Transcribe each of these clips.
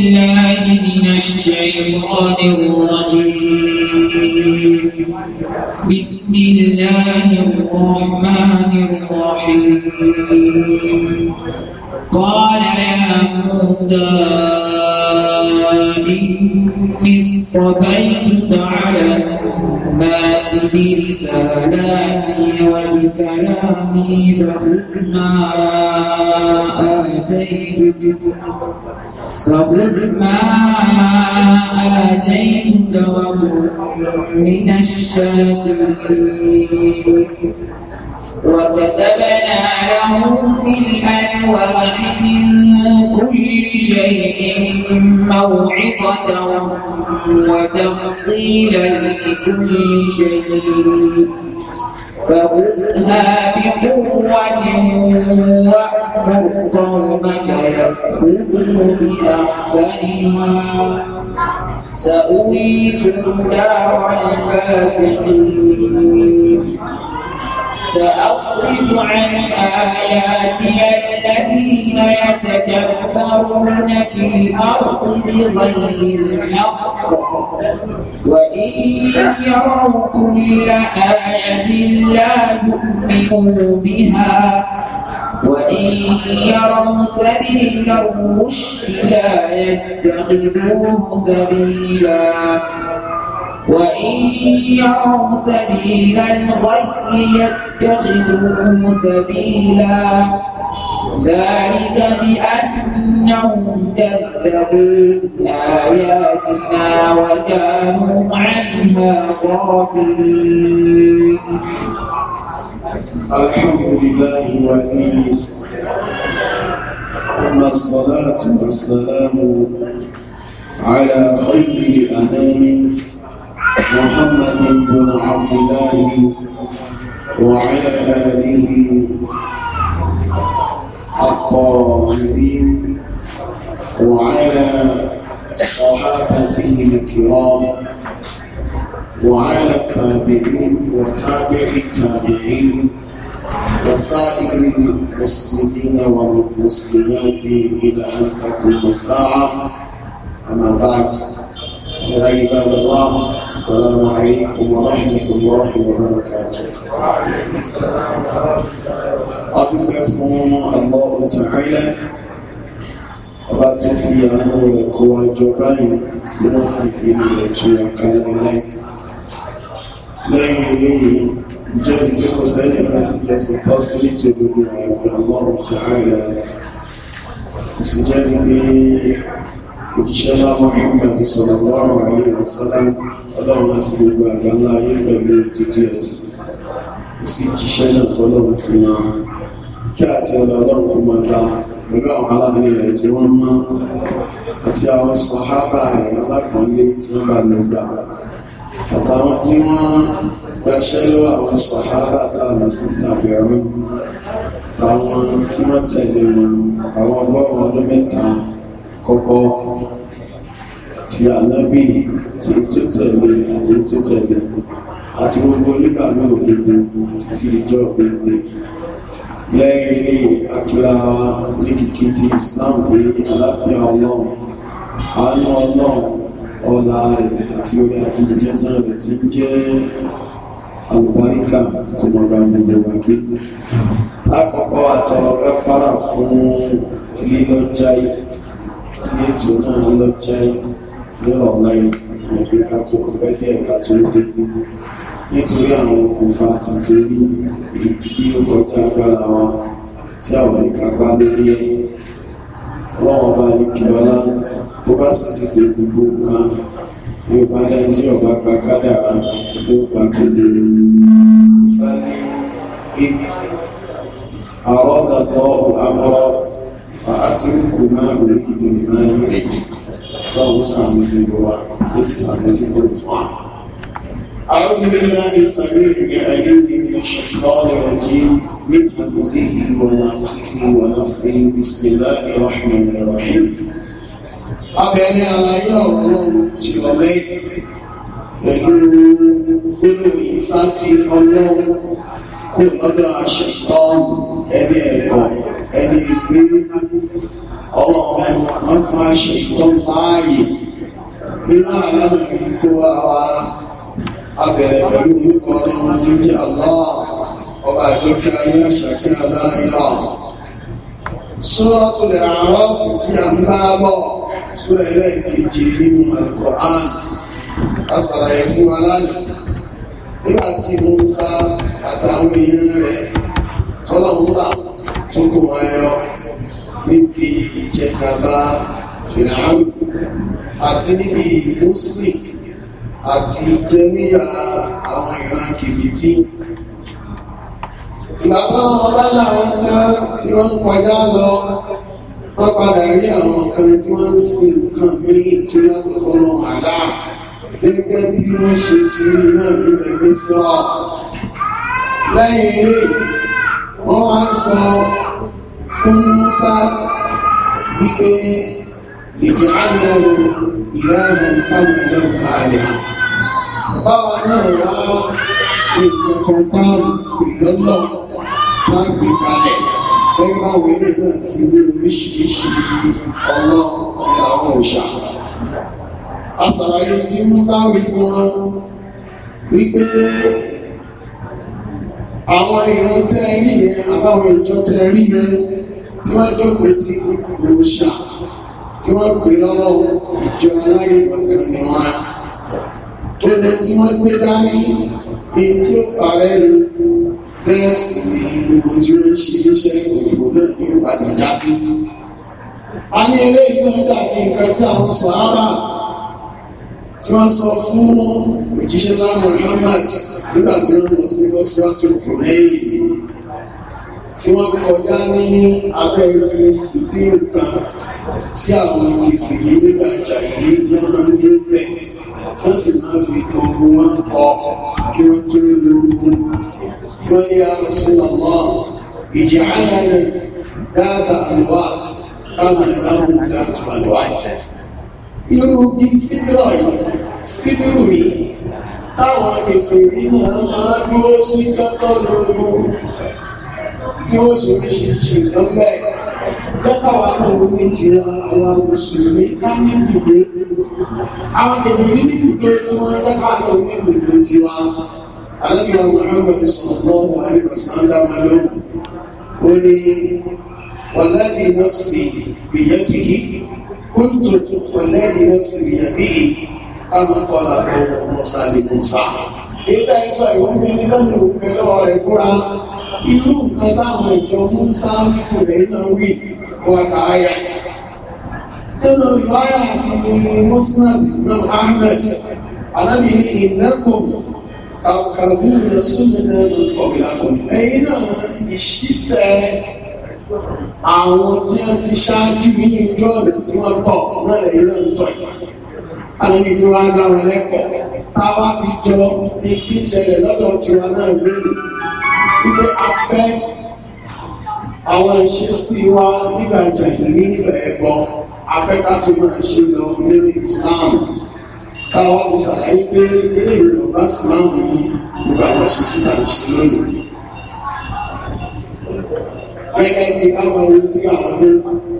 الله من الشيطان الرجيم بسم الله الرحمن الرحيم قال يا موسى إني اصطفيتك على الناس برسالاتي وبكلامي فخذ ما آتيتك فخذ ما آتيتك وكن من الشاكرين وكتبنا له في الألواح من كل شيء موعظة وتفصيلا لكل شيء فخذها بقوة وأمر أحب قومك يأخذوا بأحسنها سأويكم دار الفاسقين سأصرف عن آياتي الذين يتكبرون في الأرض بغير الحق وإن يروا كل آية لا يؤمنوا بها وإن يروا سبيل الرشد لا يتخذوه سبيلا وإن يروا سبيل الغي يتخذوه سبيلا ذلك بأنهم كذبوا بآياتنا وكانوا عنها غافلين الحمد لله وعليه أما الصلاة والسلام على خير الأنام محمد بن عبد الله وعلى آله الطاهرين وعلى صحابته الكرام وعلى التابعين وتابع التابعين وسائر المسلمين والمسلمات الى ان تقوم الساعه اما بعد يا عباد الله السلام عليكم ورحمه الله وبركاته وعليكم السلام ورحمه الله وبركاته الله تعالى ọba في fi àánú rẹ̀ kó الدنيا báyìí kí Then you will enjoy the goodness and infinite blessing possibly to the glory of Allah Ta'ala. Sujadi bi Inshallah àtàwọn tí wọ́n gbaṣẹ́ lọ́wọ́ àwọn sàhábà táwọn sí tàbíọ́nù àwọn tí wọ́n tẹ̀lé wọn àwọn ọgọ́rùn-ún ọdún mẹ́ta kọ́kọ́ ti ànábì tí ó tó tẹ̀lé àti ó tó tẹ̀lé àti gbogbo onígbàgbọ́ òdodo títí ìjọ gbogbo lẹ́yìn ilé àkíra ní kìkì ti Islam pé àlàáfíà ọlọ́run àánú ọlọ́run ọlá rẹ̀ àti orí àtúnjẹ́ta rẹ̀ ti jẹ́ àlùbáríkà kò mọ̀ bá gbogbo wa gbé lápapọ̀ àtọ̀rọ̀ gáfárà fún lílọ́jáì tí ètò náà lọ́jáì nírọ̀lá ìgbẹ̀gbẹ̀ ká tó pẹ́ díẹ̀ ká tó dé nítorí àwọn òkùnfà àti torí èyí tí ó kọjá agbára wa tí àwọn ìkápá lórí ẹ̀yìn ọlọ́wọ́n bá ní kí ọlá bó bá sì ti dé gbogbo kan ní ìpàdé tí ọba gba kádàrá ló gba kedere sani bí àwọn ọ̀dàpọ̀ àmọ́ fàátì kò máa rí ìdùnnú náà yìí báwo sàmì gbogbo wa ó sì sàmì gbogbo fún wa. أعوذ بالله السميع العليم من الشيطان الرجيم من همزه ونفخه ونفسه بسم الله الرحمن الرحيم abẹ́rẹ́ alayé ọ̀rọ̀ ti ọ̀rẹ́ pẹ̀lú gbólóhùn ìsáàkì ọlọ́run kó lọ́dọ̀ àṣetọ́ ẹni ẹ̀kọ́ ẹni ìgbé ọlọ́run wọn fún àṣetọ́ láàyè nínú àlámì kó ara abẹ̀rẹ̀ pẹ̀lú orúkọ ọlọ́run ti di Allah ọba àjọkẹ́ ayé àṣàkẹ́ aláìlá. Suratul A'raf tí a ń bá bọ̀ súra ẹlẹ́ẹ̀kejì nínú Al-Qur'an asàlàyé fún wa lánàá nígbà tí Musa àtàwọn èèyàn rẹ̀ tọ́lọ̀ ńlá tó kò wọ́n ẹyọ níbi ìjẹkàbá Fìràhánù àti níbi ìmúsì àti ìjẹníyà àwọn ìran kìbìtì ìgbà táwọn ọlá làwọn jẹ́ tí wọ́n ń kọjá lọ wọ́n padà rí àwọn kan tí wọ́n ń sin nǹkan míì tó yàtọ̀ fọ́nà àdá gẹ́gẹ́ bí wọ́n ṣe ti rí náà nílẹ̀ ní sọ́ọ̀. lẹ́yìn eré wọ́n wá ń sọ fún sá wípé ìjọ àgbẹ̀rù ìyá ẹ̀rọ nǹkan ìlú àlẹ́. báwa náà wá nǹkan kan tá ìlọ́lọ́ gbé kalẹ̀ gẹ́gẹ́ bá àwọn ilé náà ti oríṣiríṣi ọ̀nà ìlànà òṣà asàlàyé tí Musa wí fún wọn wípé àwọn ìran tẹ́ rí yẹn àbáwọn ìjọ tẹ́ rí yẹn tí wọ́n jókòó ti òṣà tí wọ́n pè lọ́wọ́ ìjọ aláyé lọ́kàn ni wọ́n tó lè tí wọ́n gbé dání èyí tí ó parẹ́ ni bẹ́ẹ̀ sì ni gbogbo tí ó ń ṣe iṣẹ́ òfò náà ní ìpàdé já sí. a ní eré ìgbọ́n dàbí nǹkan tí àwọn sọ̀hábà tí wọ́n sọ fún òjíṣẹ́ láwọn Muhammad nígbà tí wọ́n lọ sí lọ́síwájú kò lẹ́yìn tí wọ́n kọjá ní abẹ́ ibi sídí nǹkan tí àwọn ìfìyí nígbà ìjà ìlú tí wọ́n máa ń dúró bẹ́ẹ̀ tí wọ́n sì máa fi kan wọn kọ kí wọ́n tó lóògùn قل يا رسول الله اجعلني ذات الوقت كما يرون ذات الوقت irú bí sídìrọ̀ yìí sídìrù yìí táwọn kèfèrí náà máa dúró sí gọ́gọ́ lóòrù tí ó sì ti ṣe ìdánwẹ́ jẹ́kọ̀wà náà ní ti àwọn mùsùlùmí ká ní ibùdó àwọn kèfèrí ní ibùdó tí wọ́n jẹ́kọ̀wà náà ní ibùdó tiwa alábìyà muhammad sallallahu alaihi wasallam lóhùn ó ní wàládì nọ́ọ̀sì bìyànjìyí kúntù wàládì nọ́ọ̀sì bìyànjìyí káwọn kọ́lá lọ́wọ́ mọ́sá ní mọ́sá. ilé ẹ̀sọ́ ìwọ́nbí ní lọ́nà òpin lọ́wọ́ rẹ̀ kúra irú nǹkan táwọn ìjọ mọ́sá fún rẹ̀ náà wí wọ́n kàáyà nínú ìwáyà àti mọ́sá náà ahmed alábìyí ìnákòó àkàrùkù rẹ̀ súnmọ́nà ọ̀gbìnàkùn ẹ̀yìn náà ìṣísẹ̀ àwọn tí wọ́n ti ṣáájú nínú ìjọ rẹ̀ tí wọ́n tọ̀ náà lẹ́yìn náà ń tọ̀ yìí alẹ́bí tó wá dá wọn lẹ́kọ̀ọ́ tá a wá fi jọ etí ìṣẹ̀lẹ̀ lọ́dọ̀ tiwa náà lónìí wípé a fẹ́ àwọn ìṣesí wa nígbà jàǹdùkú nígbà ẹ̀gbọ́n afẹ́ká tó máa ṣe lọ nínú Islam káwa mo ṣàlàyé pé eré ìrọ̀bá sì máa ń mú ìgbà lọ sí síta ìṣẹ́ lónìí. Gẹ́gẹ́ bí báwọn ohun tí àwọn ọdún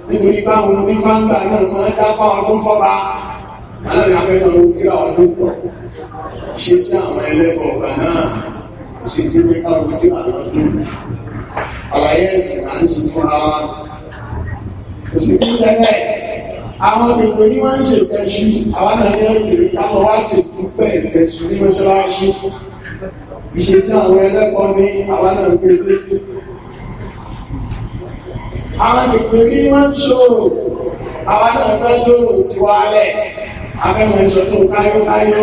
nítorí báwọn onífáńgbà náà máa ń dá fáwọn ọdún fọ́ba láàrin afẹ́nà ohun tí àwọn ọdún pọ̀. Ṣé sí àwọn ẹlẹ́bọ̀ ọ̀gbà náà kò sì ti pé káwọn tí àwọn ọdún. Àlàyé ẹ̀sìn máa ń ṣe fúnra wa. Kò sì kú tẹ́lẹ̀ àwọn gbogbo ní wọ́n ń ṣe ìtẹ́ṣú àwọn àdáyé ìbèrè káwọn wá ṣe ìtúpẹ́ ìtẹ́ṣú ní mọ́ṣáláṣí ìṣesí àwọn ẹlẹ́kọ̀ọ́ ní àwọn náà gbélé àwọn gbogbo ní wọ́n ń ṣòro àwọn náà fẹ́ lóòrò ti wálẹ̀ abẹ́wọn ìṣọ́ tó káyókáyó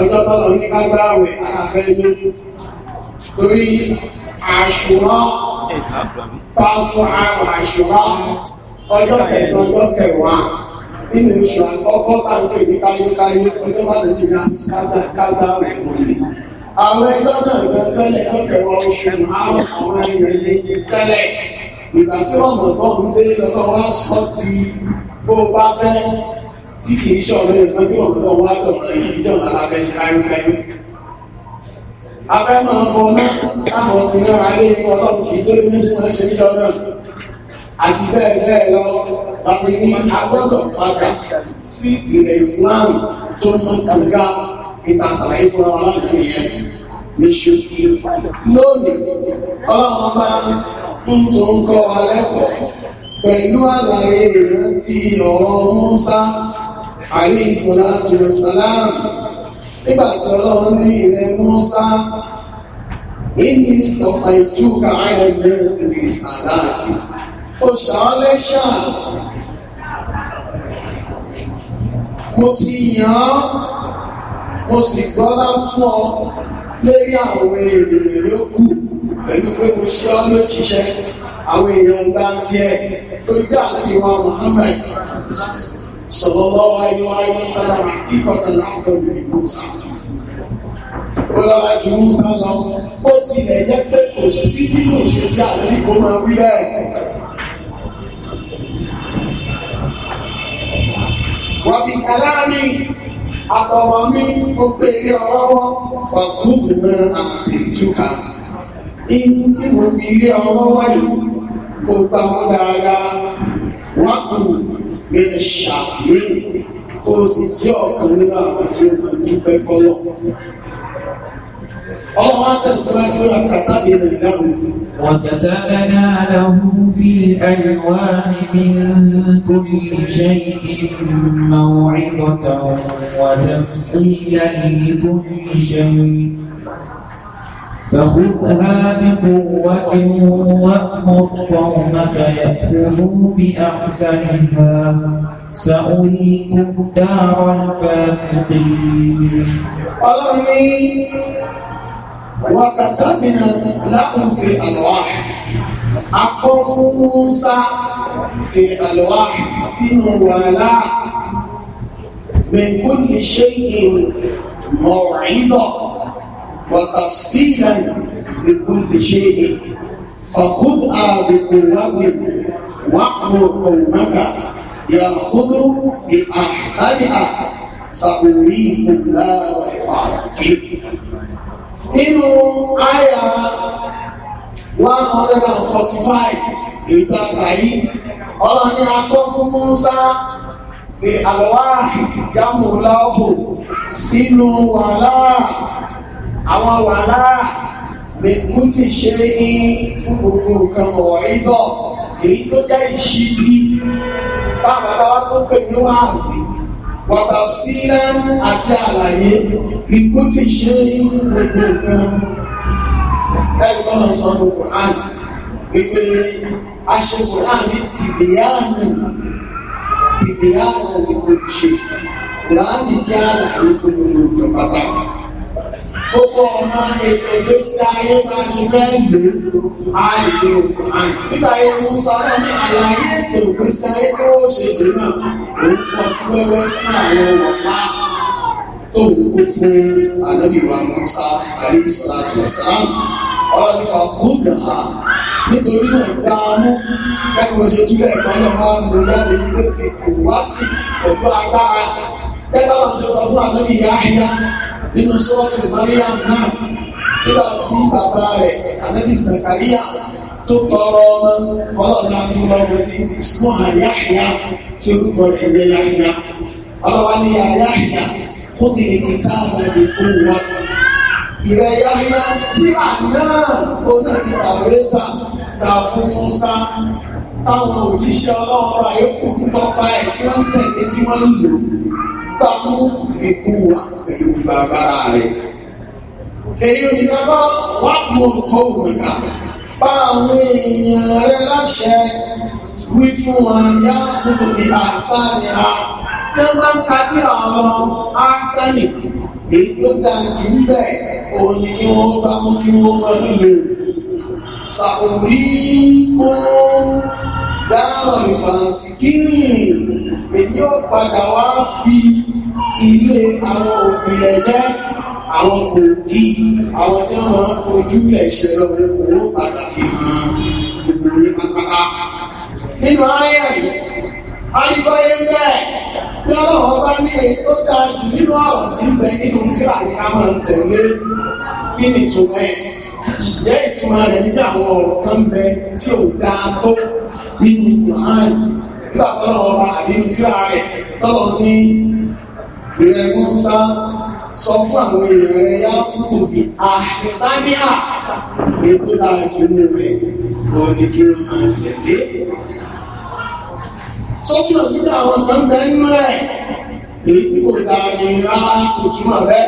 ọjọ́ tọ́lọ̀ ní kágbáwẹ̀ aláfẹ́ ló torí àṣùrọ̀ pásọ̀ àrùn àṣùrọ̀ ọjọ́ kẹsàn-án ọjọ́ kẹwàá nínú oṣù àkọ́kọ́ tá ní káyékáyé ọjọ́ bá lè dìgbà kágbá òkùnkùn. Àwọn ẹjọ́ náà gbọ́ tẹ́lẹ̀ tó oṣù márùn-ún àwọn èèyàn ilé tẹ́lẹ̀. Ìgbà tí wọ́n mọ̀ bọ́ ń gbé lọ́kọ̀ wá sọ di bó bá fẹ́ tí kì í ṣọ̀rọ̀ ẹ̀gbọ́n tí wọ́n lọ wá ń bọ̀ náà sáwọn ọkùnrin àti bẹ́ẹ̀ bẹ́ẹ̀ lọ pàpẹ ní agbọ́dọ̀ padà sí ìrẹ̀ Islam tó mú kànga ìta sàlàyé fún wa láti yẹn ní ṣókí lónìí ọlọ́run bá ń tó ń kọ́ wa lẹ́kọ̀ọ́ pẹ̀lú àlàyé ìrántí ọ̀rọ̀ Mùsá àrí ìsọ̀lá Jerusalem nígbà tí ọlọ́run ní ilẹ̀ Mùsá ìní ọ̀fà ìtúkà àìlẹ̀ mẹ́rin sí ìsàlá àti ìsàlá ó ṣàn lẹ́ṣà mo ti yàn án mo sì gbọ́lá fún ọ lórí àwọn ènìyàn yòókù pẹ̀lú pé mo ṣe ọ́ lójíṣẹ́ àwọn èèyàn gba tiẹ̀ torí bí àlejò wa Muhammad sallallahu alaihi wa sallam ìkọ̀tà láàbọ̀ lórí Musa ó lọ́la ju Musa lọ ó tilẹ̀ jẹ́ pé kò sí bí mo ṣe àlejò máa wí bẹ́ẹ̀. wàbí kàlámì àtọ̀rọ̀ mi ó pè ní ọlọ́wọ́ fàkúùnà àti ìtúkà ihun tí mo fi rí ọlọ́wọ́ yìí kò gbà wọ́n dáadáa wákù mi ní ṣàkíyè kó o sì jẹ́ ọ̀kan nínú àwọn tí ó máa dúpẹ́ fọlọ́. وكتبنا له في الألواح من كل شيء موعظة وتفصيلا لكل شيء فخذها بقوة وأمر قومك يأخذوا بأحسنها سأريكم دار الفاسقين. wàkàtàbìnà láhùn fi àlọ́wà akọ́ fún Musa fi àlọ́wà sínú wàhálà min kulli shay'in maw'izah wa tafsilan li kulli shay'in fakhudha bi quwwatin wa'mur qawmaka ya'khudhu bi ahsaniha sa'uriikum la wa fasiqin nínú àyà 145 èyí tá a kà yìí ọlọ́run akọ́ fún Musa fi àlọ́wà yàmùláhù sínú wàhálà àwọn wàhálà mẹ́kúnlẹ̀ ṣe ní fún gbogbo nǹkan ọ̀rẹ́dọ̀ èyí tó jẹ́ ìṣítí bá bàbá tó pè ní wáàsí wàtà sílẹ̀ àti àlàyé ikú lè ṣe gbogbo nǹkan ẹ̀rù bá wọn sọ fún Quran wípé a ṣe Quran ní tìdíyàánù tìdíyàánù ní gbogbo ṣe Quran jẹ́ àlàyé fún gbogbo nǹkan pátá gbogbo ọmọ ètò ìgbésí ayé bá ṣe fẹ́ lò ó àìlè òkú àì nígbà yẹn mo sọ ọ́ ní àlàyé ètò ìgbésí ayé tó ó ṣe dè náà òun fọ sí wẹ́wẹ́ sí àwọn ọ̀pá tó ń kó fún anábìwá musa àrí ìsọlá tòṣá ọ̀rọ̀ ní fàkúndà nítorí náà gbá mú ẹgbẹ́ ṣe jú ẹ̀kọ́ náà máa ń mú jáde pé kò wá tì pẹ̀lú agbára ẹgbẹ́ náà ṣe sọ fún anábìyá nínú sọ́ọ̀tù Mariam náà nígbà tí bàbá rẹ̀ Ànábì Zakaria tó tọrọ ọmọ ọlọ́dà fún ọmọ tí ìsúná àyáhìá tí orúkọ rẹ̀ jẹ́ yáhìá ọlọ́wà ní àyáhìá fún ìrìnkìtà àbàdì òwúwa ìrẹ̀ yáhìá tí àná onákìtà rẹ́ta ta fún Musa táwọn òjíṣẹ́ ọlọ́run ayé kò ń tọ́pa ẹ̀ tí wọ́n ń tẹ̀lé tí wọ́n ń lò gbà mú ikú wa pẹ̀lú bàbá rẹ̀. èyí ni bàbá wà mú nǹkan òwúrọ̀ bá àwọn èèyàn rẹ láṣẹ wí fún wọn yá nítorí àṣà ni a tí wọ́n bá ń ka tí àwọn áṣẹ́nì èyí tó dáa jù ń bẹ̀ òun ni wọ́n bá mú kí wọ́n máa ń lò kó dáhùn ìfàǹsì kírìn èmi ó padà wá fi ilé àwọn òbí rẹ̀ jẹ́ àwọn òbí àwọn tí wọ́n máa ń fojú rẹ̀ ṣe lọ owó padà fi hàn gbogbo yín pátápátá. nínú ayé yìí adìgbọ́yé bẹ́ẹ̀ bí ọlọ́run bá ní èyí tó dáa jù nínú ọ̀rọ̀ tí ń bẹ nínú tíra ní ká máa tẹ̀lé kí ni ìtumọ̀ ẹ̀ ṣìjẹ́ ìtumọ̀ rẹ̀ nígbà àwọn ọ̀rọ̀ kan bẹ tí ò dáa tó nínú ìlú ààyè nígbà tọ́lọ̀ ọba àdínú tíra rẹ̀ tọ́lọ̀ ní ìrẹ́ mọ́sá sọ fún àwọn èèyàn rẹ̀ yá kúrò ní àìsáníà ètò láàjù ní rẹ̀ kò ní kí ló máa tẹ̀lé. sọ́kìlọ̀ síbi àwọn kan bẹ́ẹ̀ nú rẹ̀ èyí tí kò dáa ní rárá kò bẹ́ẹ̀.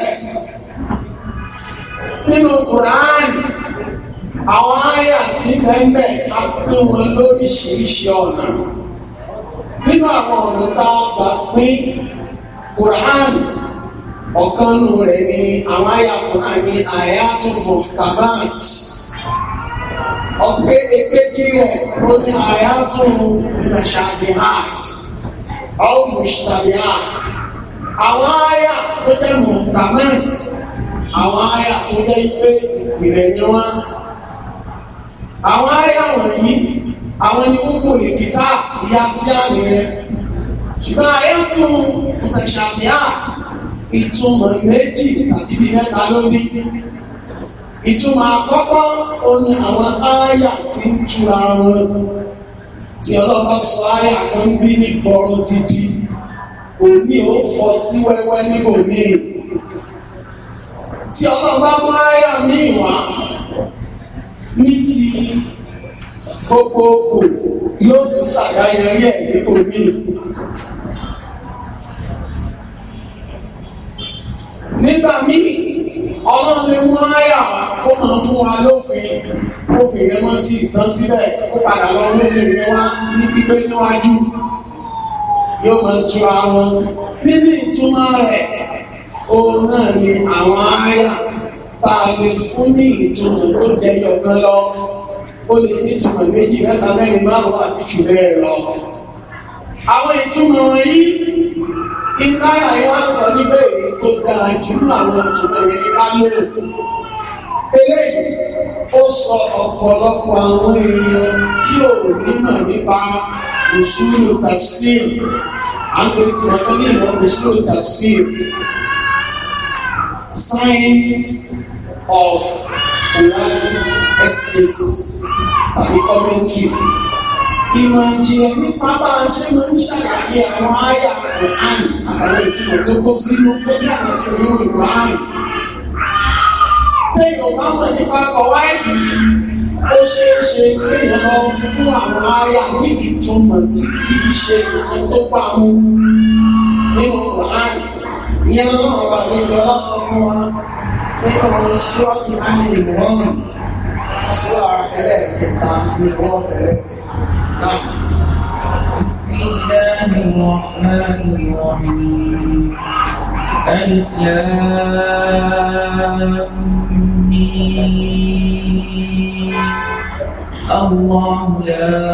bẹ́ẹ̀ ká pé wọn lóríṣiríṣi ọ̀nà nínú àwọn ọ̀nà tá a pín Quran ọ̀kan nù rẹ̀ ni àwọn àyà Quran ní àyà tuntun kabat ọ̀pẹ èkejì rẹ̀ ó ní àyà tuntun mutashabihat aw mushtabihat àwọn àyà tó jẹ́ muhkamat àwọn àyà tó jẹ́ pé ìpìlẹ̀ ni wọ́n àwọn àyà wọ̀nyí àwọn ni wọ́n mú nìkítà ìyá tí a nìyẹn ṣùgbọ́n ayélujára mùtẹ̀ṣàfíàt ìtumọ̀ méjì tàbí bíi mẹ́ta ló ní ìtumọ̀ àkọ́kọ́ ó ní àwọn ááyà tí ń túra wọn tí ọlọ́pàá sọ ááyà kan bí ní gbọ́rọ̀ gidi òní ó fọ́ sí wẹ́wẹ́ níbò míì tí ọlọ́pàá mú ááyà míì wá ní ti gbogbogbò yóò tún ṣàdáyẹrí ẹ̀ nípò míì. nígbà míì ọlọ́run lè mú àyà wá kó máa fún wa lófin lófin yẹn wọ́n ti tán síbẹ̀ kó padà lọ lófin yẹn wá ní pípé níwájú yóò máa tura wọn nínú ìtumọ̀ rẹ̀ òun náà ni àwọn àyà tá a lè fún ní ìtumọ̀ tó jẹyọ gan lọ ó lè ní ìtumọ̀ méjì mẹ́ta mẹ́rin márùn-ún àbí jù bẹ́ẹ̀ lọ. àwọn ìtumọ̀ wọ̀nyí iná àìwá sọ níbẹ̀ èyí tó dáa jù nínú àwọn ìtumọ̀ yẹn ní lálẹ́ eléyìí ó sọ ọ̀pọ̀lọpọ̀ àwọn èèyàn tí ò nímọ̀ nípa òṣùlù tafsir àwọn ìpínlẹ̀ ní ìmọ̀ òṣùlù tafsir science of allowing excuses tàbí covering keep. Ìmọ̀ ìjìnlẹ̀ nípa bá a ṣe máa ń ṣàlàyé àwọn àyà Quran àtàwọn ìtumọ̀ tó kó sínú pẹ̀lú àwọn sọ̀rọ̀ Quran. Ṣé Yorùbá mọ̀ nípa kọ̀wáìdì ó ṣe é ṣe pé ìrọ̀ fún àwọn àyà ní ìtumọ̀ tí kì í ṣe àwọn tó pa mú nínú Quran. Ìyẹn lọ́wọ́ bàbá ìjọba sọ fún wa. nínú ṣúọ́tù àmì ìwọ́n ṣúọ́ ẹlẹ́ẹ̀kẹta ni wọ́n bẹ̀rẹ̀ bẹ̀rẹ̀ náà. بسم الله الرحمن الرحيم ألف لام ميم الله لا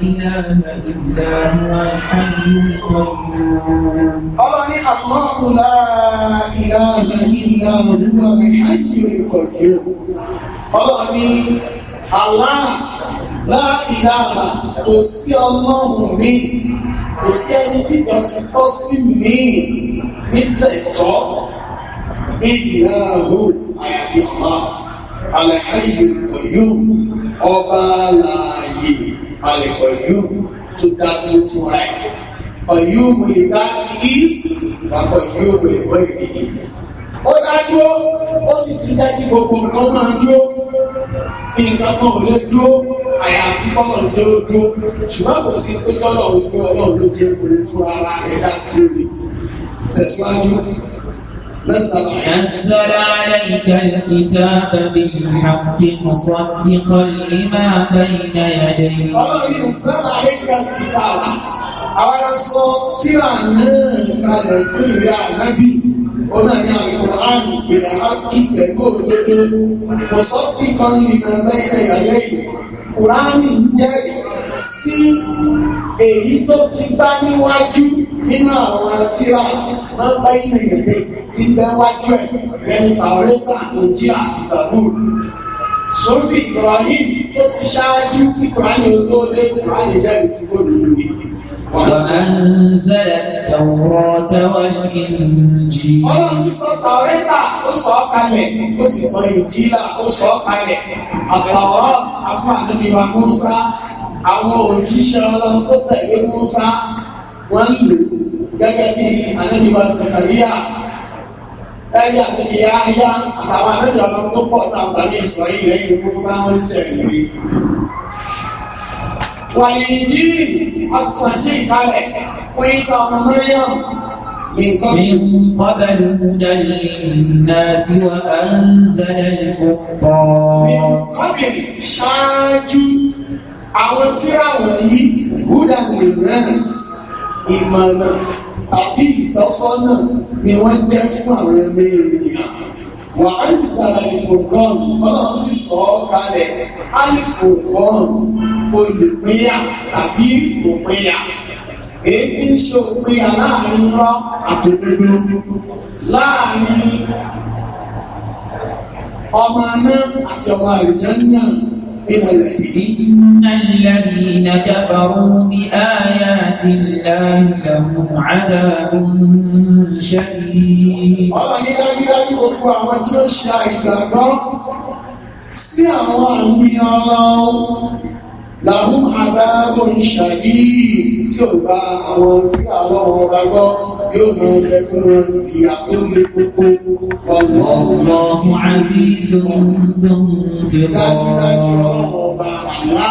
إله إلا هو الحي القيوم أرني الله لا إله إلا هو الحي القيوم أرني الله لا إله أسي الله من أسي أنتي بس أسي من مثل الطاقة إله أعفي الله على حي القيوم ọba láàyè àlẹkọ yóò tó dá dúró fúnra ẹ ọyọ òmìnir bá ti kí wàkọ yóò òmìnir wọ ìdílé ó dá dúró ó sì ti jẹ́ kí gbogbo nǹkan máa dúró nǹkan kan ò lè dúró àyàfi kọ́nà dúró dúró ṣùgbọ́n kò sí pé tọ́lọ̀ òkú ọlọ́run ló jẹ́ òun fúnra rẹ̀ dá dúró ni tẹ̀síwájú. نزل عليك الكتاب بالحق مصدقا لما بين يديه ọlọ́run nzala aleka kitaba àwọn aṣọ tíra náà kalẹ̀ fún ìrẹ́ ànábì ó náà ní alukur'an ìpìlẹ̀ ákì pẹ̀lú òdodo mọ̀sọ́fìkan lìnà bẹ́ẹ̀ yàlẹ́ yìí kùránì ń jẹ́rìí sí èyí tó ti bá níwájú nínú àwọn tíra nọ́mbà ìrìnlẹ̀ tí bẹ́ wájú ẹ̀ lẹ́nu tàwọ́rẹ́tà ìjì àti sàbúrù sófì Ibrahim tó ti ṣáájú kí kùránì tó lé kùránì jáde sí gbòdòdó ni. وأنزل التوراة والإنجيل Ọlọ́run sì sọ tàwọ́rẹ́tà ó sọ ọ́ kalẹ̀ ó sì sọ ìjìlá ó sọ ọ́ kalẹ̀ àtàwọ́ afún àdébíwá Mùsá àwọn òjíṣẹ́ Ọlọ́run tó tẹ̀lé Mùsá wọ́n lò gẹ́gẹ́ bí anábìwá sàkàríà ẹ̀yẹ àtẹ̀bí ayá àtàwọn anábì ọlọ́run tó pọ̀ náà gbà ní ìsọ̀ yìí lẹ́yìn ikú sáwọn tẹ̀lé. wàyí jíì asọ̀jì ìkálẹ̀ fún ìsà ọmọ mẹ́rìàm من قبل هدى للناس وأنزل الفرقان من قبل ṣáájú àwọn tírà wọ̀nyí هدى للناس ìmọ̀ràn tàbí ìtọ́sọ́nà ni wọ́n jẹ́ fún àwọn ẹgbẹ́ ènìyàn wà á ti sára ìfògán ọlọ́run sì sọ ọ́ kalẹ̀ á lè fògán olùpínyà tàbí òpínyà èyí tí ń ṣe òpínyà láàrin rán àtòdodo láàrin ọmọ náà àti ọmọ àrìjẹ́ náà nínú rẹ̀ nìyí. الذين كفروا بآيات الله لهم dájúdájú gbogbo àwọn tí ó ṣe àìgbàgbọ́ sí àwọn àmì ọlọ́run làwọn àbábọ̀ ń ṣàyí tí ò bá àwọn tí àwọn ọmọ bá gbọ́ yóò mọ ẹgbẹ́ fún ìyá tó lé kókó ọmọ ọmọ ọmọ àzízọ tó ń tẹ wọ́n. dájúdájú ọba àlá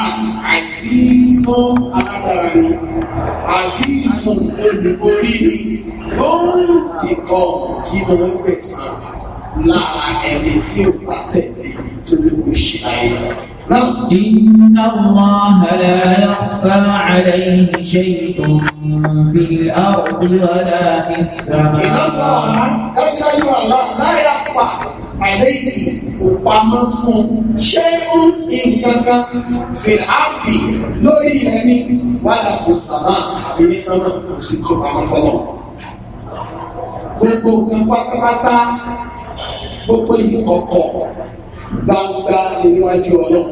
àzízọ alágbára ni àzízọ olùborí ni ó ń tìkọ̀ tí mo ń gbẹ̀sán lára ẹni tí ò bá tẹ̀lé tó lè kó ṣe ayé. إن الله لا يخفى عليه شيء في الأرض ولا في السماء إن الله لا يخفى عليه òpamọ́ fún ṣé ó nǹkankan fi áàpì lórí ilẹ̀ ní wàdà fún sàmà àbíní sàmà kò sí tó pamọ́ fọlọ́ gbogbo nǹkan pátápátá gbogbo ìkọ̀kọ̀ gbangba níwájú ọlọ́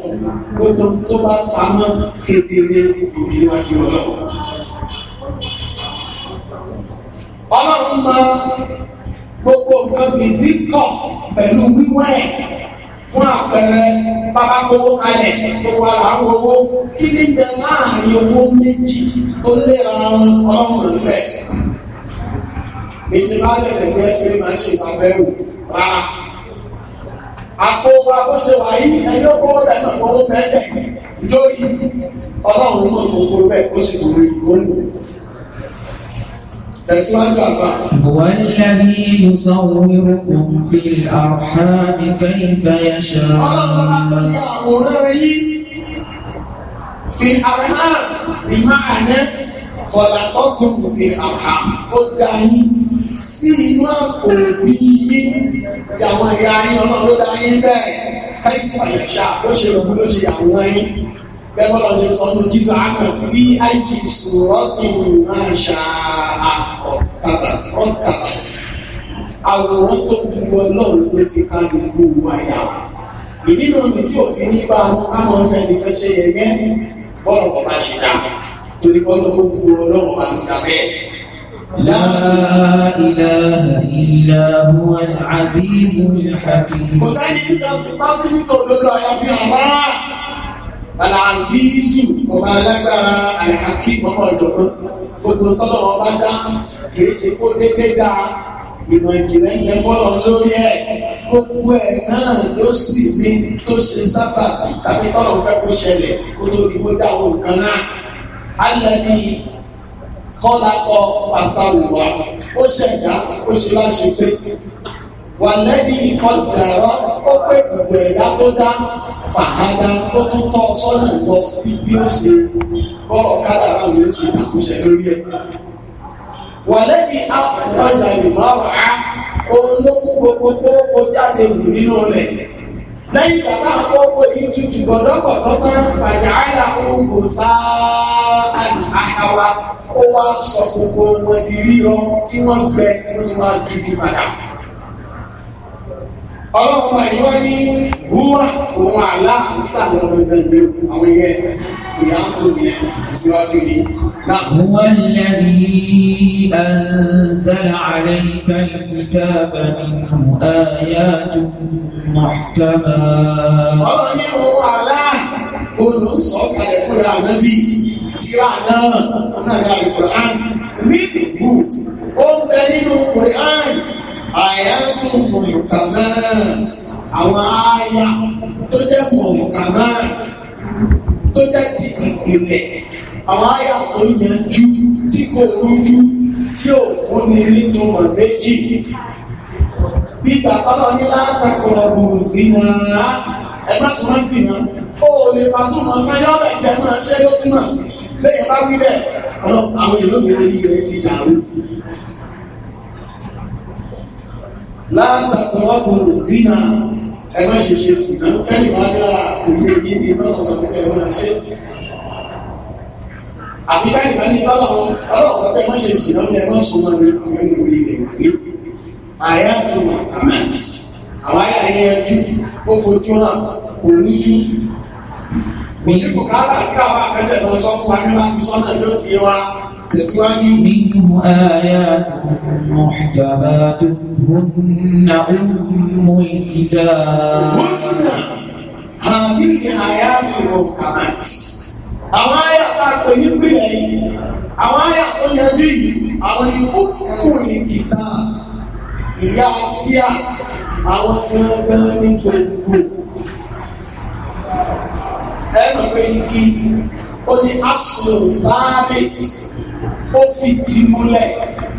kó tó tó bá pamọ́ kedere níwájú ọlọ́. ọlọ́run máa gbogbo nǹkan bìbí kọ̀ pẹ̀lú wíwẹ́ ẹ̀ fún àpẹẹrẹ bàbá gbogbo kalẹ̀ gbogbo ara ń wọ́wọ́ kí ní bẹ láàrin owó méjì tó léra ọlọ́run rẹ̀. ètò ìbáṣẹ̀ṣẹ̀ gbé ẹsẹ̀ máa ṣe ìbáfẹ́ rò rárá àpò wa bó ṣe wà yìí ẹni ó kówó rẹ̀ náà kówó bẹ́ẹ̀ lórí ọlọ́run náà gbogbo bẹ́ẹ̀ ó sì wúrí olú. والذي يصوركم في الأرحام كيف يشاء في الأرحام بمعنى خلقكم sí inú àpò òbí yín tí àwọn ìyá yín ọmọ ló dá yín bẹ́ẹ̀ káyí fàyàṣà ó ṣe òun ló ṣe àwọn yín bẹ́ẹ̀ bọ́lá ṣe sọ fún jísọ àgbà fi àyè ìṣòro ti máa ṣà ọ̀tàbà ọ̀tàbà àwòrán tó wu ọlọ́run ló fi ká gbogbo wa yà wá ìdínà ní tí òfin ní bá wọn káwọn ń fẹ́ nìkan ṣe yẹ̀yẹ́ bọ́lá kọ́ bá ṣe dà torí bọ́lá gbogbo ọlọ́run bá lù dà bẹ́ẹ̀. لا إله إلا هو العزيز الحكيم وسيدي تاسي تاسي تقول له يا في الله العزيز وما لك الحكيم وما جبر gbogbo tọ́lọ̀ ọba dá kìí ṣe kó dédé dá ìmọ̀ ìjìnlẹ̀ ń lẹ́fọ́lọ̀ lórí ẹ̀ gbogbo ẹ̀ náà ló sì ní tó ṣe sábà tàbí tọ́lọ̀ fẹ́ kó ṣẹlẹ̀ kó tó di kó dáwọ́ nǹkan náà alẹ́ ní kọ́lákọ́ pàṣàwùwà ó ṣẹ̀dá ó ṣe láṣẹ pé wà lẹ́bí ìkọ̀dàrọ́ ó pé gbogbo ẹ̀dá tó dá fàhádá ó tún tọ́ sọ́nà lọ sí bí ó ṣe bọ́rọ̀ kádàrá òun ó ṣe tàkúṣẹ lórí ẹ̀ wà lẹ́bí afọ̀nàjà ìmọ̀ràn á òun ló kú gbogbo tó kọjá lè wù nínú rẹ̀ lẹ́yìn bàbá àpòpò yìí tutù gbọ̀dọ́gbọ̀dọ́ tán fàjà àìlà oògùn sáà àkàwà ó wá sọ gbogbo wọn di rírọ tí wọ́n gbẹ tí wọ́n wá dúdú padà. ọlọ́run àyíwá ní húwà òun àlá àti àwọn ọmọ ẹgbẹ́ ìgbẹ́ àwọn ẹgbẹ́ هو الذي أنزل عليك الكتاب منه آيات محكمات olùsọ̀kalẹ̀ fúnra ànábì tíra náà fúnra àlùkùrán mímú ó ń bẹ nínú kùrán àyàtún mọ̀ọ̀kàmáàtì àwọn àyà tó jẹ́ mọ̀ọ̀kàmáàtì tó jẹ́ ti ìpìlẹ̀ àwọn àyà tó yanjú tí kò rújú tí ò fúnni nítumọ̀ méjì bí bàbá bá ní látàkùrọ̀ bù sí náà ẹ má sọ sí náà ó lè bá túmọ̀ ká yọ ọ̀rẹ́ ìgbẹ́ náà ṣé ló túmọ̀ sí lẹ́yìn bá wí bẹ́ẹ̀ àwọn èèyàn lóbìnrin rẹ̀ ti dàrú látàkùrọ̀ bù sí náà ẹ má ṣe ṣe sì náà kẹ́lì bá dá òye yìí ní ìbáwọn sọ pé ẹ má ṣe àbí kẹ́lì bá ní ìbáwọn ọlọ́wọ́ sọ pé ẹ má ṣe sì náà ní ẹ má sọ máa ní ọmọ ní orí rẹ̀ wọ̀nyí àyà tó wà amẹ́t àwọn àyà yẹn ju ó fojú hàn kò rújú kò ní bùkátà sí àwọn akẹ́sẹ̀ lọ sọ fún wa ní láti sọ́nà ló ti wá tẹ̀síwájú. nínú ayatun muhkamatun hunna ummul kitab. hunna àbí ayatun muhkamat. àwọn àyà tá a pè ní gbìyà yìí àwọn àyà tó yanjú yìí àwọn ìkó ummul kitab ìyá tíà àwọn gangan ní gbogbo ẹnu pé igi ó ní asùn báàbẹ̀tì ó fìdí múlẹ̀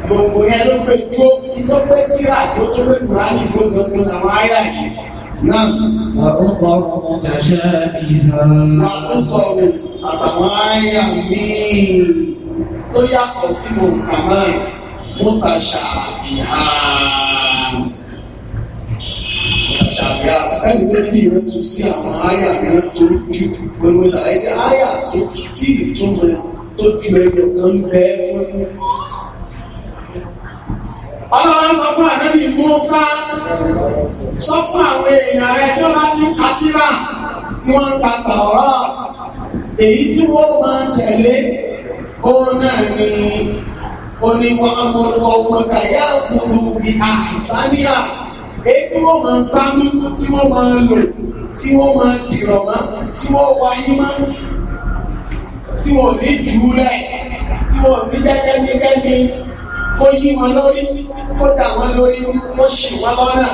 gbogbo yẹn ló pé jó kí tó pé tíra tó tó pé kùránì tó gbogbo àwọn àyà yìí náà. Àrùfọ̀ tàṣà ìhà. Àrùfọ̀ àtàwọn àyà míì tó yàtọ̀ sí Mohammed Mọ́tàṣà ìhà. Mọ́tàṣà ìhà ẹni pé bí ìwé tún sí àwọn àyà mìíràn tó jù pẹ̀lú ìsàlẹ̀ àyà tó tí ì túmọ̀ tó ju ẹyọ kan bẹ fún ọlọ́run sọ fún àdébì mọ́sá sọ fún àwọn èèyàn rẹ̀ tí wọ́n bá ní àtìrà tí wọ́n ń ta tàọ́rọ̀ èyí tí wọ́n máa tẹ̀lé òun náà ni oníwà ọmọlúwà ọmọkà yá òkúrú bí àìsáníà èyí tí wọ́n máa ń tamú tí wọ́n máa ń lò tí wọ́n máa ń dìrọ̀ mọ́ tí wọ́n wáyé mọ́ tí wọ́n ní jù rẹ̀ tí wọ́n ní jẹ́kẹ́nikẹ́ni kó yí wọn lórí kó dà wọn lórí kó ṣì wọn lọ́nà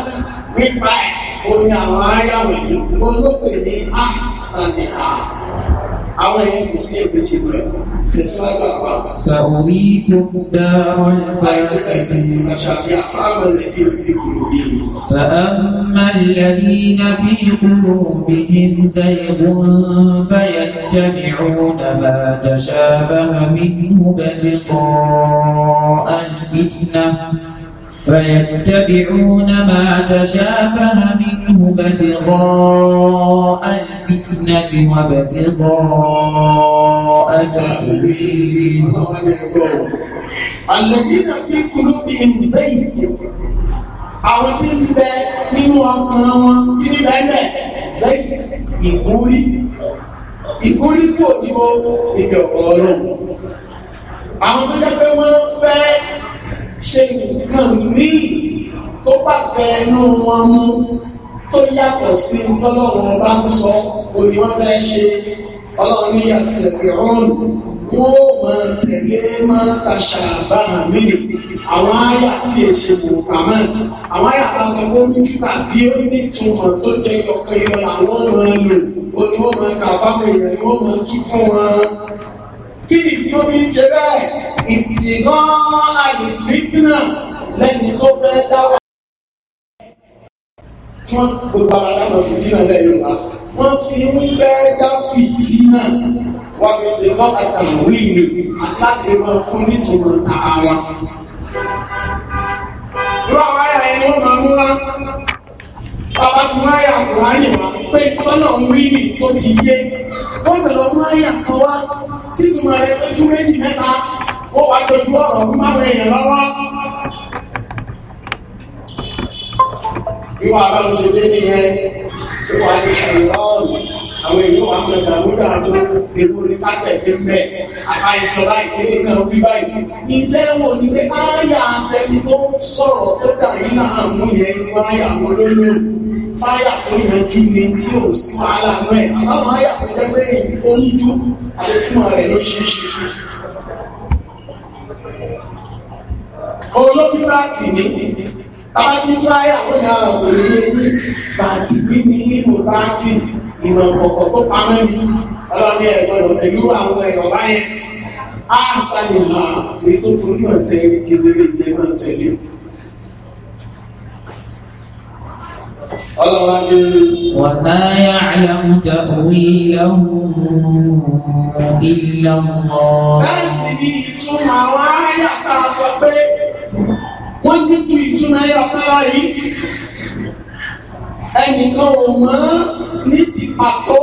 nípa ẹ̀ oní àwọn ayáwọ̀ yìí olóòpè ní àṣàlẹ̀hà àwọn ẹ̀yìn kò sí èdè ṣe lọ ẹ̀kọ́ tẹ̀síwájú àpá. sàwùrí tó ń dá ọ̀rẹ́ fàyẹ̀fẹ̀ ìdí ìrìnàṣà bí àfáàmọ̀ lẹ́kì òfin kò rí. الذين في قلوبهم زيغ فيتبعون ما تشابه منه ابتغاء الفتنة فيتبعون ما تشابه منه ابتغاء الفتنة وابتغاء تأويله الذين في قلوبهم زيغ àwọn tí ń bẹ nínú ọkàn wọn kí ní bẹ́ẹ̀ lẹ́yìn ìgúrí ìgúrí kò níbo níbi ọ̀pọ̀ ọlọ́run àwọn tó jẹ́ pé wọ́n fẹ́ ṣe nǹkan míì tó bá fẹ́ inú wọn mú tó yàtọ̀ sí tọ́lọ́run bá ń sọ òní wọ́n fẹ́ ṣe ọlọ́run ní àtẹ̀tẹ̀ rọ́ọ̀nù wọ́n ó máa tẹ̀lé máa ta ṣàbáhà mílíọ̀nù àwọn àyà tí è ṣe kò pàmẹ́ǹtì àwọn àyà tá a sọ pé ojú tàbí ó ní ìtumọ̀ tó jẹ ọ̀pẹ àwọn ọmọ ẹ lò ó ní wọ́n máa kà fáwọn èèyàn ni wọ́n máa tú fún wọn. kí ni tó fi ń jẹ bẹ́ẹ̀ ìtìgán àyè fìtínà lẹ́ni tó fẹ́ dá wà. tí wọ́n gbogbo ara sábà fìtínà lẹ́yìn wa wọ́n fi ń fẹ́ dá fìtínà wà mí ti gbọ́ àtàwí ìlú àti láti máa fún nítorí tààrà. ńlá bàbá tí wọ́n yà kùránì wá pé tọ́nà ń rí nì tó ti yé wọ́n bẹ̀rẹ̀ wọ́n yà kan wá tí ìtumọ̀ rẹ̀ lójú méjì mẹ́ta ó wá dojú ọ̀rọ̀ fún máwọn èèyàn lọ́wọ́. ìwà àbámu ṣe dé nìyẹn ìwà ní ẹ̀rọ ọ̀rùn àwọn èèyàn wà mọ̀ ìdàmúdà tó èwo ní pátẹ̀kì mẹ́ àkàìsọ̀lá ìpínlẹ̀ náà wí báyìí. ìjẹ́ wo ni pé ááyà tẹni tó sọ̀rọ̀ tó dà yín náà mú yẹn ní ááyà wọn lólò sáyà tó yanjú ni tí ò sí wàhálà náà ẹ̀ àbáwọn ááyà tó jẹ́ pé oníjú àlékún rẹ̀ lóṣìṣẹ́ olóbi bá tì ní bá ti tó ááyà tó yà wò ní bá tì ní nínú bá tì ní ìmọ̀ ọ̀pọ̀ tó pamẹ́ ní ọlọ́ni ẹ̀gbọ́dọ̀ tẹ̀lú àwọn ẹ̀rọ báyẹn á sáyẹn máa ètò fojú ọ̀tẹ̀ kedere ìgbẹ́nà tẹ̀lé. ọlọ́wọ́dé. wà máa yà àlàmù tàwí lọ́wọ́ ilẹ̀ ọmọ. bẹ́ẹ̀ sì ni ìtumọ̀ àwọn àyà tá wọ́n ní ju ìtumọ̀ ẹ̀yọ̀ yìí ẹnìkan ò mọ̀ ní ti pàtó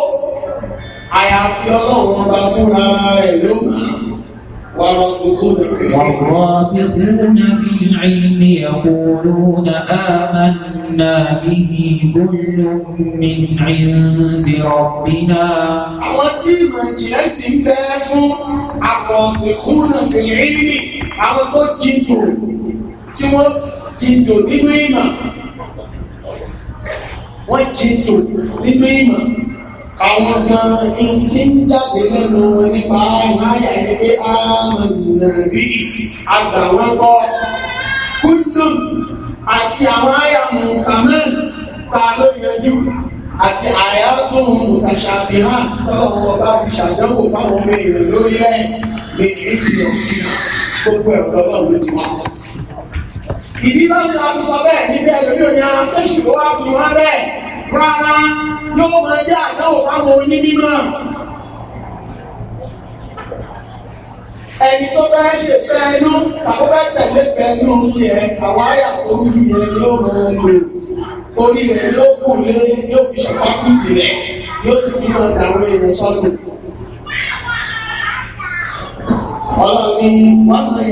àyàfi ọlọ́run ọba fúnra rẹ̀ ló mọ̀ والراسخون في العلم في العلم يقولون آمنا به كل من عند ربنا àwọn tí ìmọ̀ ìjìnlẹ̀ sì ń bẹ fún الراسخون في العلم àwọn tó jìnjò tí wọ́n jìnjò nínú ìmọ̀ wọ́n ti tò nínú ìmọ̀ àwọn gan-an ní tí ń jáde lẹ́nu wọn nípa àyà ẹni pé àmàlà rí àgbàwẹ́gbọ́ kúndùn àti àwọn àyà muhammad ta ló yanjú àti àyà tó ń mùtàṣàbí hàn tí tọ́lọ́wọ́ bá fi ṣàjọ́wò fáwọn ọmọ èèyàn lórí ẹ̀ lè ní ìlọ̀ gbogbo ẹ̀kọ́ lọ́wọ́ ti wà ìdí náà ni wọ́n sọ bẹ́ẹ̀ níbi ẹ̀rọ yóò ní ara ṣé ṣùgbọ́n wá fi wọ́n bẹ́ẹ̀ rárá yóò máa jẹ́ àdáwò fáwọn onímọ̀ ẹni tó bẹ́ẹ̀ ṣe fẹ́ ẹnu àwọn bẹ́ẹ̀ tẹ̀lé fẹ́ ẹnu tiẹ̀ àwọn àyà orí rẹ̀ yóò máa lò orí rẹ̀ yóò kù lé yóò fi ṣe pákútì rẹ̀ yóò sì fi máa dàwọn èèyàn sọ́dún. وما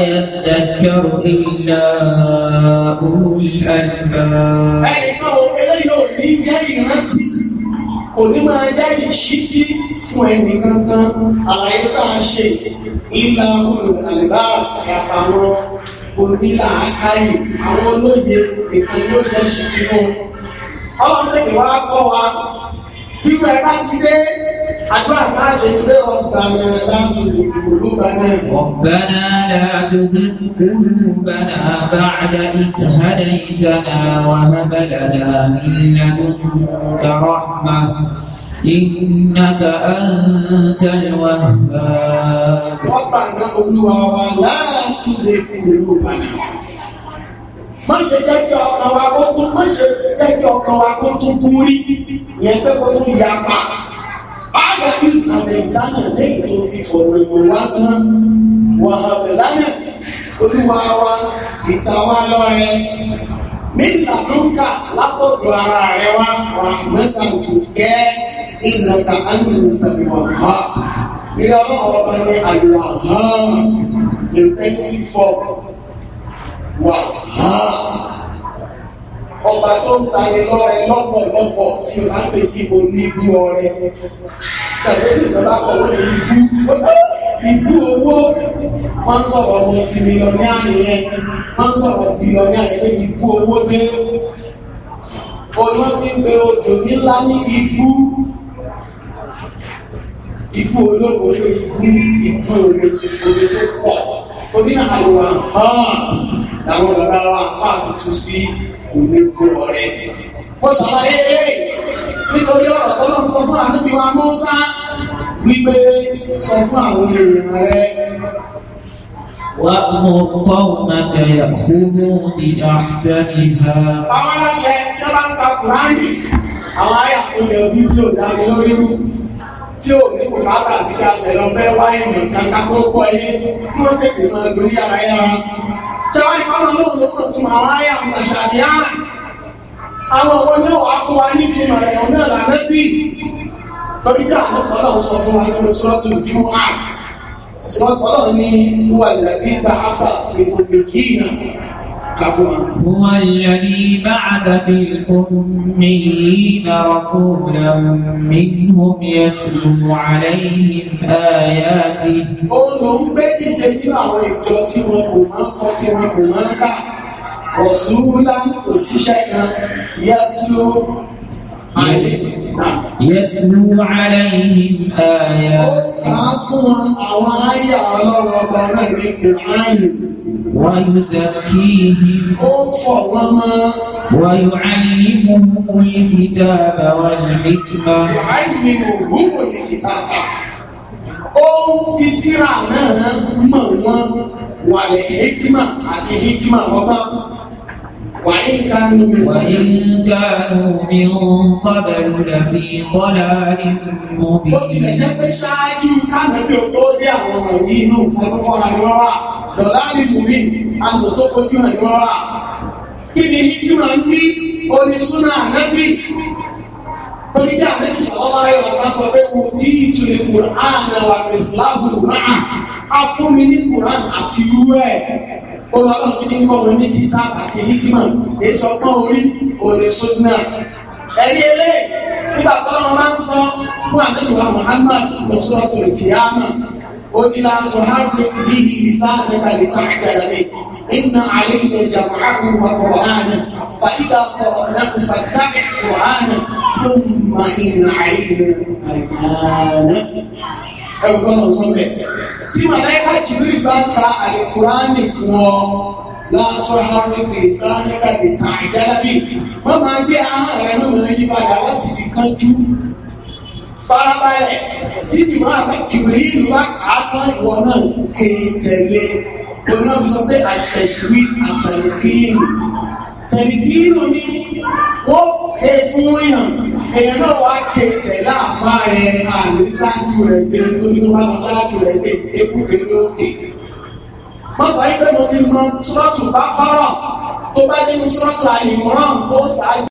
يذكر إلا أولو الألباب òní máa dá ìṣítí fún ẹni kankan àlàyé tá a ṣe ìlà olùdàlẹ́bá àyàfàwọn onílàákàyè àwọn olóye nìkan ló jẹ́ ṣítí fún ọmọ tẹ̀lé wa kọ́ wa wíwẹ̀ bá ti dé Àdúrà bá ṣe pé ọ̀gbàna láti ìgbòlú bàná. Ọ̀gbàna láti ìgbòlú bàná ba'da idh hadaytana wa hab lana min ladunka rahmah. إنك أنت الوهاب ربنا قلوا ولا تزغ قلوبنا má ṣe jẹ́ kí ọkàn wa kó tún má ṣe jẹ́ kí ọkàn wa kó tún kú rí yẹn pé kó tún yapa Báyọ̀ ìlànà ìtànà lẹ́yìn tó ti fọ̀rọ̀ ìwé wá tán, wàhálà lánàá, olúwa wa fi ta wá lọ́rẹ. Mílà ló ń kà látọ̀dọ̀ ara rẹ wá, mẹ́ta kò kẹ́ ìlànà àmì tàbí wàhálà. Ilé ọlọ́run ọba ní àyùwà hàn, the twenty four wàhálà ọba tó ń tani lọ́rẹ lọ́pọ̀ lọ́pọ̀ tí o bá pè ibo níbi ọrẹ tàbí tí bàbá kan lè ibú ibú owó wọ́n sọ̀rọ̀ ọmọ ti mílíọ̀nì àyẹ̀yẹ wọ́n sọ̀rọ̀ mílíọ̀nì àyẹ̀yẹ ibú owó dé olóò fi pe odò nílá ní ibú ibú olóògbé lè ibú ibú òde òde tó pọ̀ oníhàlùwà hàn làwọn bàbá wa fáà tuntun sí i onígbò ọ̀rẹ́. Mo ṣàlàyé eré nítorí ọ̀rọ̀ tó lọ sọ fún àdúgbò wa Mọ́sá wípé sọ fún àwọn èèyàn rẹ̀. Wà mú kọ́ọ̀nà kúrú ní àṣẹ́nìhà. Àwọn aláṣẹ tí wọ́n bá ń ta Kùránì, àwọn àyà olè òbí tí ò dá mi lórí mú. Tí ò ní kò bá bàtà sí ká ṣẹlọ fẹ́ wáyé nìkan ká kó pọ̀ yé, wọ́n tètè máa dorí ara yára ṣáwájú báwọn náà ló kọ̀ tún àwọn ayé àwọn àṣàbí àrùn àwọn ọwọ́ náà wàá fún wa ní ìtumọ̀ rẹ̀ ọ̀nà ìlànà bí torí bí àwọn ọ̀pọ̀lọ̀ sọ fún wa nínú sọ́ọ̀tù ju àrùn sọ́ọ̀pọ̀lọ̀ ní wà lẹ́bí bá áfà ìgbòmìyí náà هو الذي بعث في الأميين منهم يتلو آياته òjíṣẹ́ kan yá tí ó àyè. يتلو عليهم آياتنا ويزكيهم ويعلمهم الكتاب والحكمة يعلمهم الكتاب ó ń fi tíra náà mọ̀ wọ́n wà lè hikima àti hikima ọgbọ́n وإن كانوا من وإن كانوا من قبل لفي ضلال مبين. ó ti lè jẹ́ pé ṣáájú kánàbí ògbó dé àwọn wọ̀nyí inú ìfọ̀nùfọ̀nà ni wọ́n wà lọ́la ní mùmí àgbò tó fojú hàn ni wọ́n wà. kí ni Olú aláwọ̀ gidi ń kọ́ wọn ní gítà àti hikima, èso fún orí, òrè sódínà. Ẹ̀rí elé, nígbà tọ́lọ́wọ́ máa ń sọ fún àdébùwà Muhammad lọ́sọ́rọ́ tó lè kí á mọ̀. Ó ní láàtọ̀ bí ìsá nípa ìta àgbàlagbé. Iná àlẹ́ ilẹ̀ ìjàmbá àrùn wà kọ̀ọ̀ àná. Fàídà kọ̀ọ̀ náà fàtà kọ̀ọ̀ àná fún màá ìnà àlẹ́ ilẹ̀ ìjàmbá àrùn. Ẹ̀rù tí màláìkà jìbìrì bá ka àlùkùránì fún ọ láàtọ̀ àrùnkè sáyẹ́ká lè ta ìjálábì wọ́n máa gbé ahọ́n rẹ̀ lómìnira yí padà láti fi kánjú farabalẹ̀ tí ìwọ́n àgbà jìbìrì ìlú bá kà á tán ìwọ náà kéè tẹ̀lé òun náà fi sọ pé àtẹ̀júwí àtẹ̀lùkìlù tẹ̀lùkìlù ni wọ́n kéè fún yàn èèyàn náà wá ké tẹ̀lé àfa yẹn àlè ṣáájú rẹ̀ gbé torí tó bá wọn ṣáájú rẹ̀ gbé ekúke lókè. wọ́n sọ yìí pé mo ti mọ sọ́ọ̀tù bá kọ́rọ̀ tó bá nínú sọ́ọ̀tù àyìnmọ́ràn tó ṣáájú.